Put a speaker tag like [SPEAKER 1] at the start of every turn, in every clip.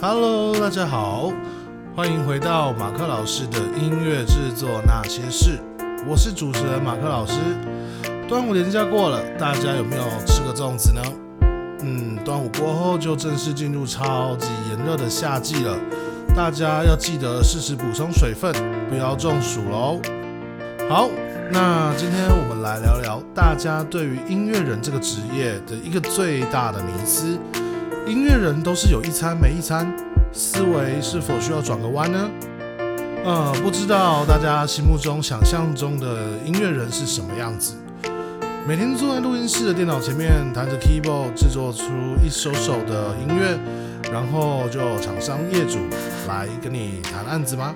[SPEAKER 1] Hello，大家好，歡迎回到馬克老師的音樂製作那些事。我是主持人馬克老師。端午連假過了，大家有沒有吃個粽子呢？嗯，端午過後就正式進入超級炎熱的夏季了，大家要記得適時補充水分，不要中暑嘍。好，那今天我們來聊聊大家對於音樂人這個職業的一個最大的迷思。音樂人都是有一餐沒一餐，思維是否需要轉個彎呢？呃，不知道大家心目中想象中的音樂人是什麼樣子？每天坐在錄音室的電腦前面，彈着 keyboard 製作出一首首的音樂，然後就有廠商業主來跟你談案子嗎？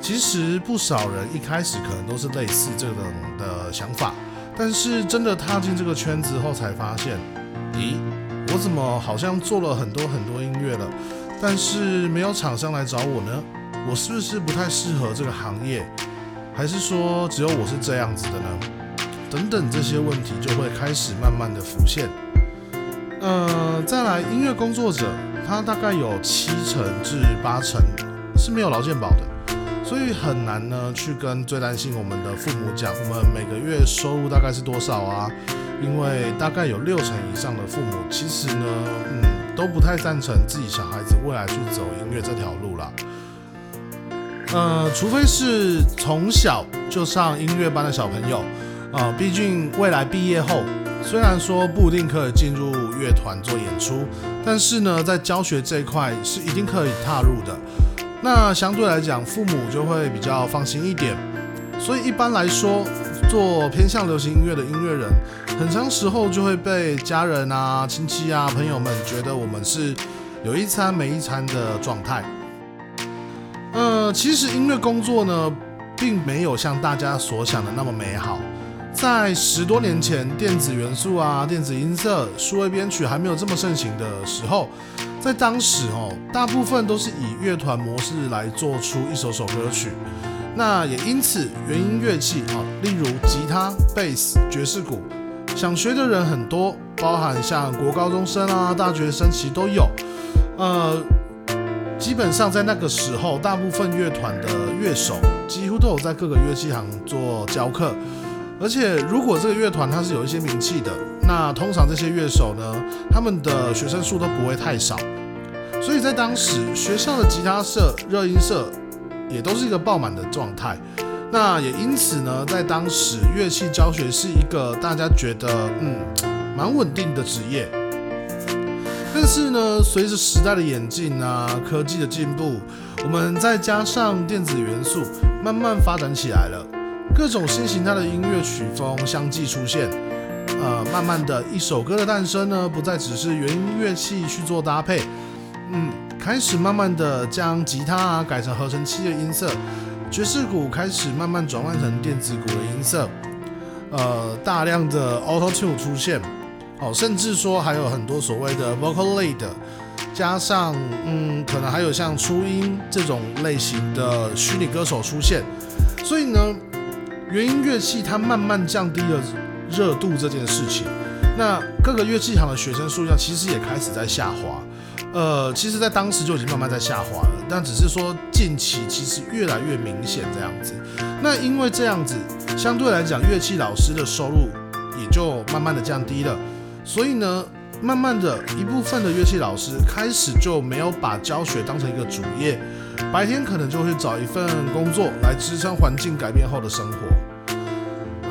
[SPEAKER 1] 其實不少人一開始可能都是類似這種的想法，但是真的踏進這個圈子後才發現，咦？我怎麼好像做了很多很多音樂了，但是沒有廠商來找我呢？我是不是不太適合這個行業？還是說只有我是這樣子的呢？等等這些問題就會開始慢慢的浮現。呃，再來，音樂工作者他大概有七成至八成是沒有勞健保的。所以很難呢，去跟最擔心我們的父母講，我們每個月收入大概是多少啊？因為大概有六成以上的父母，其實呢，嗯，都不太贊成自己小孩子未來去走音樂這條路啦。呃，除非是從小就上音樂班的小朋友，啊、呃，畢竟未來畢業後，雖然說不一定可以進入樂團做演出，但是呢，在教學這一塊是一定可以踏入的。那相對來講，父母就會比較放心一點。所以一般來說，做偏向流行音樂的音樂人，很長時候就會被家人啊、親戚啊、朋友們覺得我們是有一餐沒一餐的狀態。呃、嗯，其實音樂工作呢，並沒有像大家所想的那麼美好。在十多年前，電子元素啊、電子音色、數位編曲還沒有這麼盛行的時候，在當時哦，大部分都是以樂團模式來做出一首首歌曲。那也因此，原音樂器啊，例如吉他、貝斯、爵士鼓，想學的人很多，包含像國高中生啊、大學生其實都有。呃，基本上在那個時候，大部分樂團的樂手幾乎都有在各個樂器行做教課。而且，如果這個樂團它是有一些名氣的，那通常這些樂手呢，他們的學生數都不會太少。所以在當時，學校的吉他社、熱音社也都是一個爆滿的狀態。那也因此呢，在當時，樂器教學是一個大家覺得嗯蠻穩定的職業。但是呢，隨着時代的演進啊，科技的進步，我們再加上電子元素，慢慢發展起來了。各種新型態的音樂曲風相繼出現，呃，慢慢的一首歌的誕生呢，不再只是原音樂器去做搭配，嗯，開始慢慢的將吉他啊改成合成器的音色，爵士鼓開始慢慢轉換成電子鼓的音色，呃，大量的 Auto Tune 出現，哦，甚至說還有很多所謂的 Vocaloid，加上嗯，可能還有像初音這種類型的虛擬歌手出現，所以呢。原因樂器它慢慢降低了熱度這件事情，那各個樂器行的學生數量其實也開始在下滑，呃，其實在當時就已經慢慢在下滑了，但只是說近期其實越來越明顯這樣子。那因為這樣子，相對來講樂器老師的收入也就慢慢的降低了，所以呢，慢慢的一部分的樂器老師開始就沒有把教學當成一個主業，白天可能就會找一份工作來支撐環境改變後的生活。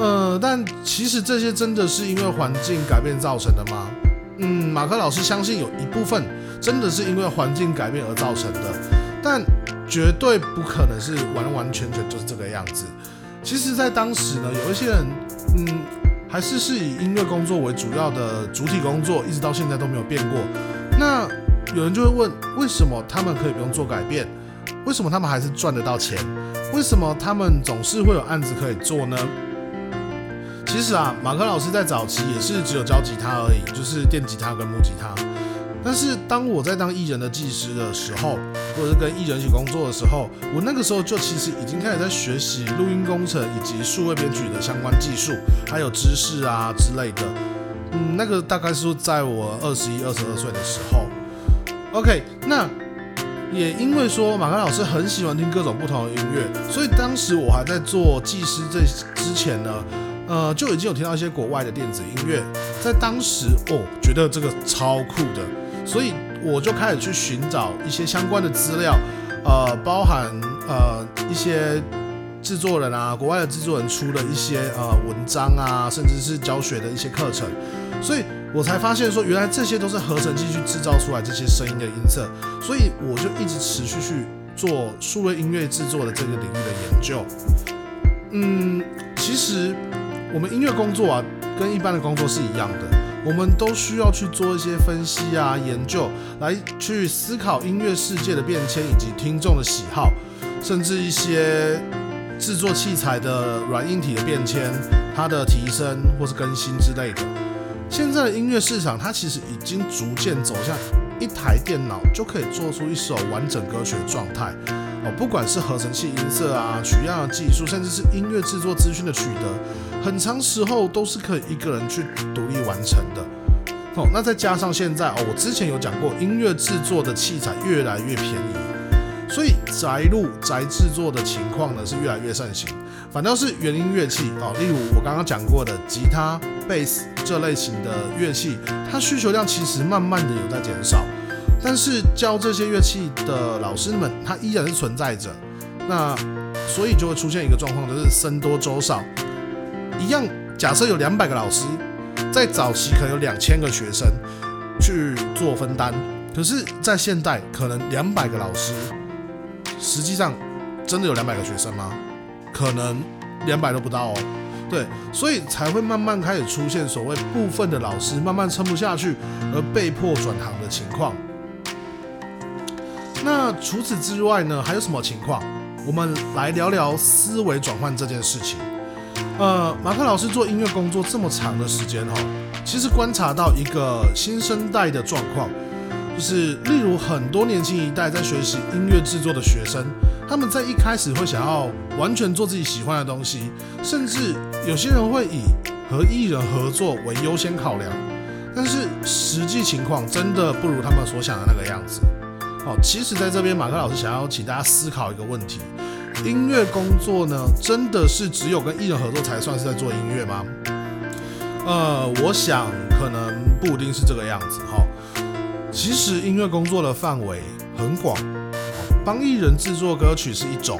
[SPEAKER 1] 呃，但其實這些真的是因為環境改變造成的嗎？嗯，馬克老師相信有一部分真的是因為環境改變而造成的，但絕對不可能是完完全全就是這個樣子。其實，在當時呢，有一些人，嗯，還是是以音樂工作為主要的主體工作，一直到現在都沒有變過。那有人就會問，為什麼他們可以不用做改變？為什麼他們還是賺得到錢？為什麼他們總是會有案子可以做呢？其實啊，馬克老師在早期也是只有教吉他而已，就是電吉他跟木吉他。但是當我在當藝人的技師的時候，或者是跟藝人一起工作的時候，我那個時候就其實已經開始在學習錄音工程以及數位編曲的相關技術，還有知識啊，之類的。嗯，那個大概是在我二十一、二十二歲的時候。OK，那也因為說馬克老師很喜歡聽各種不同的音樂，所以當時我還在做技師這之前呢。呃，就已經有聽到一些國外的電子音樂，在當時哦，覺得這個超酷的，所以我就開始去尋找一些相關的資料，呃，包含呃一些制作人啊，國外的制作人出的一些呃文章啊，甚至是教學的一些課程，所以我才發現說，原來這些都是合成器去制造出來這些聲音的音色，所以我就一直持續去做數位音樂制作的這個領域的研究，嗯，其實。我們音樂工作啊，跟一般的工作是一樣的，我們都需要去做一些分析啊、研究，來去思考音樂世界的變遷以及聽眾的喜好，甚至一些製作器材的軟硬體的變遷，它的提升或是更新之類的。現在的音樂市場，它其實已經逐漸走向一台電腦就可以做出一首完整歌曲的狀態。哦，不管是合成器音色啊、取樣的技術，甚至是音樂製作資訊的取得。很長時候都是可以一個人去獨立完成的。哦，那再加上現在哦，我之前有講過，音樂制作的器材越來越便宜，所以宅錄宅制作的情況呢是越來越盛行。反倒是原音樂器啊，例如我剛剛講過的吉他、貝斯這類型的樂器，它需求量其實慢慢的有在減少，但是教這些樂器的老師們，他依然是存在着，那所以就會出現一個狀況，就是僧多粥少。一樣，假設有兩百個老師，在早期可能有兩千個學生去做分擔，可是，在現代，可能兩百個老師，實際上真的有兩百個學生嗎？可能兩百都不到哦。對，所以才會慢慢開始出現所謂部分的老師慢慢撐不下去而被迫轉行的情況。那除此之外呢，還有什麼情況？我們來聊聊思維轉換這件事情。呃，馬克老師做音樂工作這麼長的時間哈，其實觀察到一個新生代的狀況，就是例如很多年輕一代在學習音樂製作的學生，他們在一開始會想要完全做自己喜歡的東西，甚至有些人會以和藝人合作為優先考量，但是實際情況真的不如他們所想的那個樣子。好，其實在這邊，馬克老師想要請大家思考一個問題。音樂工作呢，真的是只有跟藝人合作才算是在做音樂嗎？呃，我想可能不一定是這個樣子哈。其實音樂工作的範圍很廣，幫藝人制作歌曲是一種，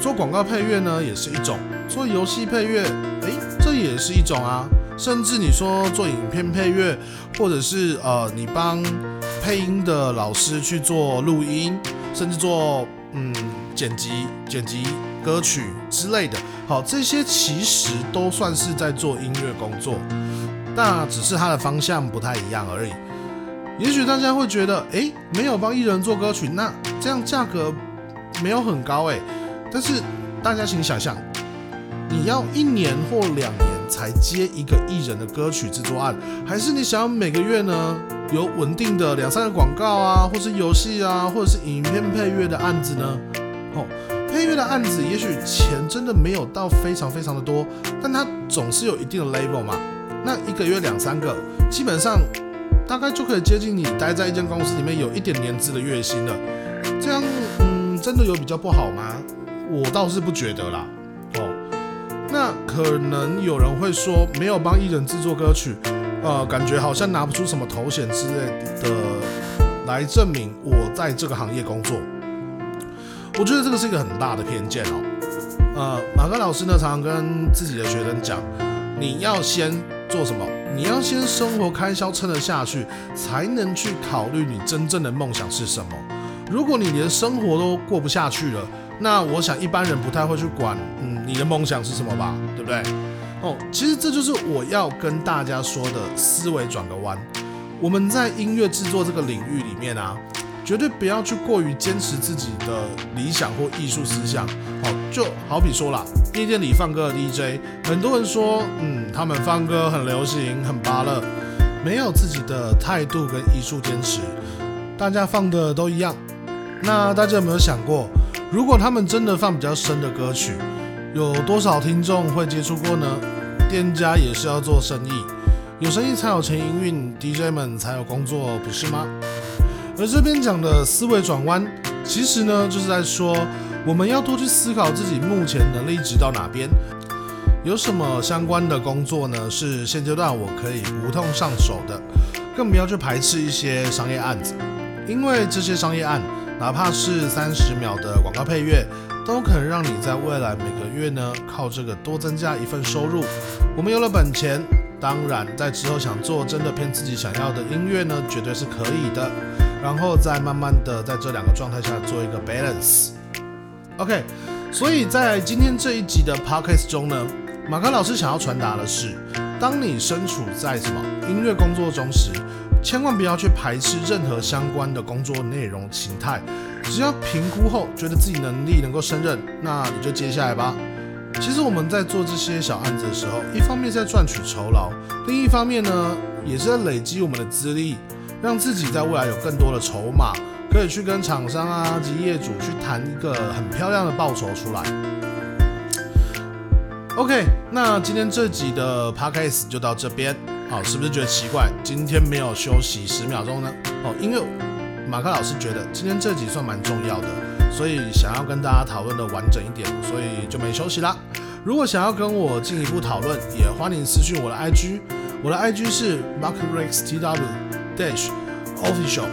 [SPEAKER 1] 做廣告配樂呢也是一種，做遊戲配樂，欸，這也是一種啊。甚至你說做影片配樂，或者是呃，你幫配音的老師去做錄音，甚至做嗯。剪輯、剪輯歌曲之類的好，這些其實都算是在做音樂工作，那只是它的方向不太一樣而已。也許大家會覺得，誒、欸，沒有幫藝人做歌曲，那這樣價格沒有很高誒、欸。但是大家請想象，你要一年或兩年才接一個藝人的歌曲制作案，還是你想要每個月呢有穩定的兩三個廣告啊，或是遊戲啊，或者是影片配樂的案子呢？哦，配樂的案子也許錢真的沒有到非常非常的多，但它總是有一定的 label 嘛。那一個月兩三個，基本上大概就可以接近你待在一間公司裡面有一點年資的月薪了。這樣，嗯，真的有比較不好嗎？我倒是不覺得啦。哦，那可能有人會說，沒有幫藝人制作歌曲，呃，感覺好像拿不出什麼頭銜之類的來證明我在這個行業工作。我覺得這個是一個很大的偏見哦，呃，馬克老師呢常常跟自己的學生講，你要先做什麼？你要先生活開銷撐得下去，才能去考慮你真正的夢想是什麼。如果你連生活都過不下去了，那我想一般人不太會去管，嗯，你的夢想是什麼吧，對不對？哦，其實這就是我要跟大家說的思維轉個彎。我們在音樂制作這個領域裡面啊。絕對不要去過於堅持自己的理想或藝術思想。好，好就好比說啦，夜店裡放歌的 DJ，很多人說，嗯，他們放歌很流行，很芭樂，沒有自己的態度跟藝術堅持，大家放的都一樣。那大家有沒有想過，如果他們真的放比較深的歌曲，有多少聽眾會接觸過呢？店家也是要做生意，有生意才有錢營運，DJ 們才有工作，不是嗎？而這邊講的思維轉彎，其實呢就是在說，我們要多去思考自己目前能力值到哪邊，有什麼相關的工作呢？是現階段我可以無痛上手的，更不要去排斥一些商業案子，因為這些商業案，哪怕是三十秒的廣告配樂，都可能讓你在未來每個月呢靠這個多增加一份收入。我們有了本錢，當然在之後想做真的偏自己想要的音樂呢，絕對是可以的。然後再慢慢的在這兩個狀態下做一個 balance。OK，所以在今天這一集的 podcast 中呢，馬克老師想要傳達的是，當你身處在什麼音樂工作中時，千萬不要去排斥任何相關的工作內容、形態，只要評估後覺得自己能力能夠勝任，那你就接下來吧。其實我們在做這些小案子的時候，一方面是在賺取酬勞，另一方面呢，也是在累積我們的資歷。讓自己在未來有更多的籌碼，可以去跟廠商啊及業主去談一個很漂亮的報酬出來。OK，那今天這集的 podcast 就到這邊。好，是不是覺得奇怪？今天沒有休息十秒鐘呢？哦，因為馬克老師覺得今天這集算蠻重要的，所以想要跟大家討論得完整一點，所以就沒休息啦。如果想要跟我進一步討論，也歡迎私訊我的 IG，我的 IG 是 markrextw。Dash Official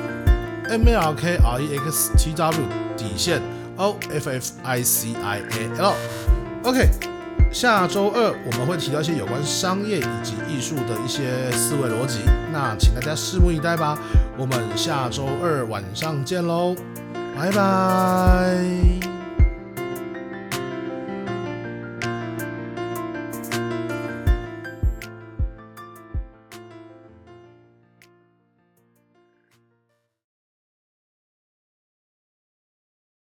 [SPEAKER 1] M A R K R E X T W 底線 O F F I C I A L OK，下周二我們會提到一些有關商業以及藝術的一些思維邏輯，那請大家拭目以待吧。我們下周二晚上見嘍，拜拜。